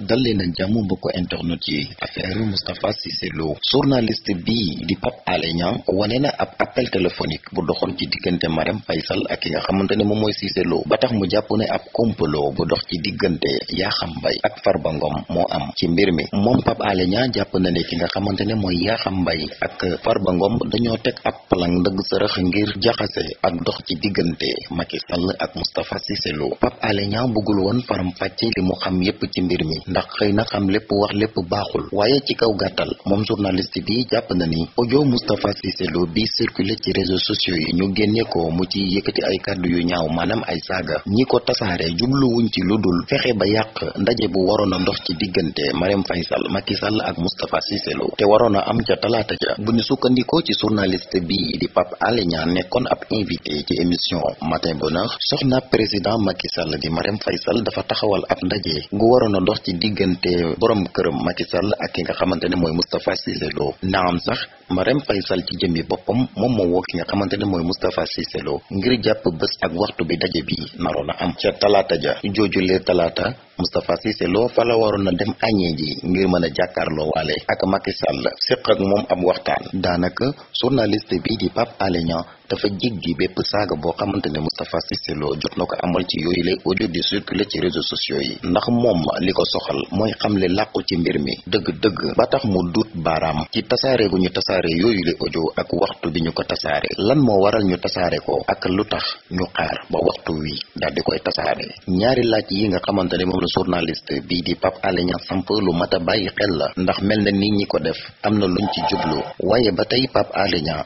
dal leen ak jàmm mbokk internet yi affaire Moustapha Cissé Lo journaliste bii di Pape Alé Niang wane na ab appel téléphonique bu doxoon ci diggante Marème Faye Sall ak ki nga xamante ne moom mooy Cissé Lo ba tax mu jàpp ne ab complot bu dox ci diggante Yakham Mbaye ak Farba Ngom moo am ci mbir mi moom Pape Alé Niang jàpp na ne ki nga xamante ne mooy Yakham Mbaye ak Farba Ngom dañoo teg ab plan ndëgg sërëx ngir jaxase ak dox ci diggante Macky Sall ak Moustapha Cissé Lo Pape Alé Niang bëggul woon faram fàcce li mu xam yépp ci mbir mi ndax xëy na xam lépp wax lépp baaxul waaye ci kaw gàttal moom journaliste bi jàpp na ni audio Moustapha Cissé Lo bi circulé ci réseaux sociaux yi ñu génne ko mu ci yëkkati ay kàddu yu ñaaw maanaam ay saaga ñi ko tasaare jubluwuñ ci lu dul fexe ba yàq ndaje bu waroon a ndox ci diggante Marème Faye Sall Macky Sall ak Moustapha Cissé Lo te waroon a am ca talaata ja bu ñu sukkandikoo ci journaliste bi di Pape Alé nekkoon ab invité ci émission Matin Bonheur soxna président Macky Sall di Marème Faye Sall dafa taxawal ab ndaje gu waroon a ndox ci diggante borom këram Macky Sall ak ki nga xamante ne mooy Moustapha Cissé Lo naam sax Marème Faye Sall ci jëmmi boppam moom moo woo ki nga xamante ne mooy Moustapha Cissé Lo ngir jàpp bés ak waxtu bi daje bi naroon a am ca talaata ja joojulee talaata Moustapha Cissé Lo fa la waroon na dem añee ji ngir mën a jàkkaarloo waale ak Macky la séq ak moom ab waxtaan daanaka journaliste bi di Pape Alé dafa jéggi bépp saaga boo xamante ne Moustapha Cissé Lo jot na ko amal ci yooyu lay audio di circuler ci réseaux sociaux yi ndax moom li ko soxal mooy xamle làqu ci mbir mi dëgg-dëgg ba tax mu duut baaraam ci tasaare gu ñu tasaare yooyu lay audio ak waxtu bi ñu ko tasaare lan moo waral ñu tasaare ko ak lu tax ñu xaar ba waxtu wi daal di koy tasaare ñaari laaj yi nga xamante ne moom la journaliste bii di Pape Alé samp lu mat bàyyi xel la ndax mel na nit ñi ko def am na luñ ci jublu waaye ba tey Pape Alé Niang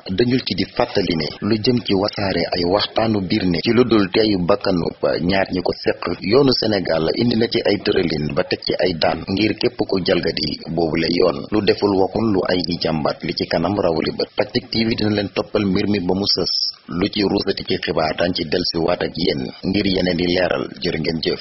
di fàttali ne lu jëm ci wasaare ay waxtaanu biir ne ci lu dul teeyu bakkanu ñaar ñi ko seq yoonu Sénégal indi na ci ay tëralin ba teg ci ay daan ngir képp ku jalgati boobu la yoon lu deful waxul lu ay di jàmbat li ci kanam raw li bët Tactic TV dina leen toppal mbir mi ba mu sës lu ci ruusati ci xibaar dañ ci dellusiwaat ak yéen ngir yeneen di leeral jërë ngeen jëf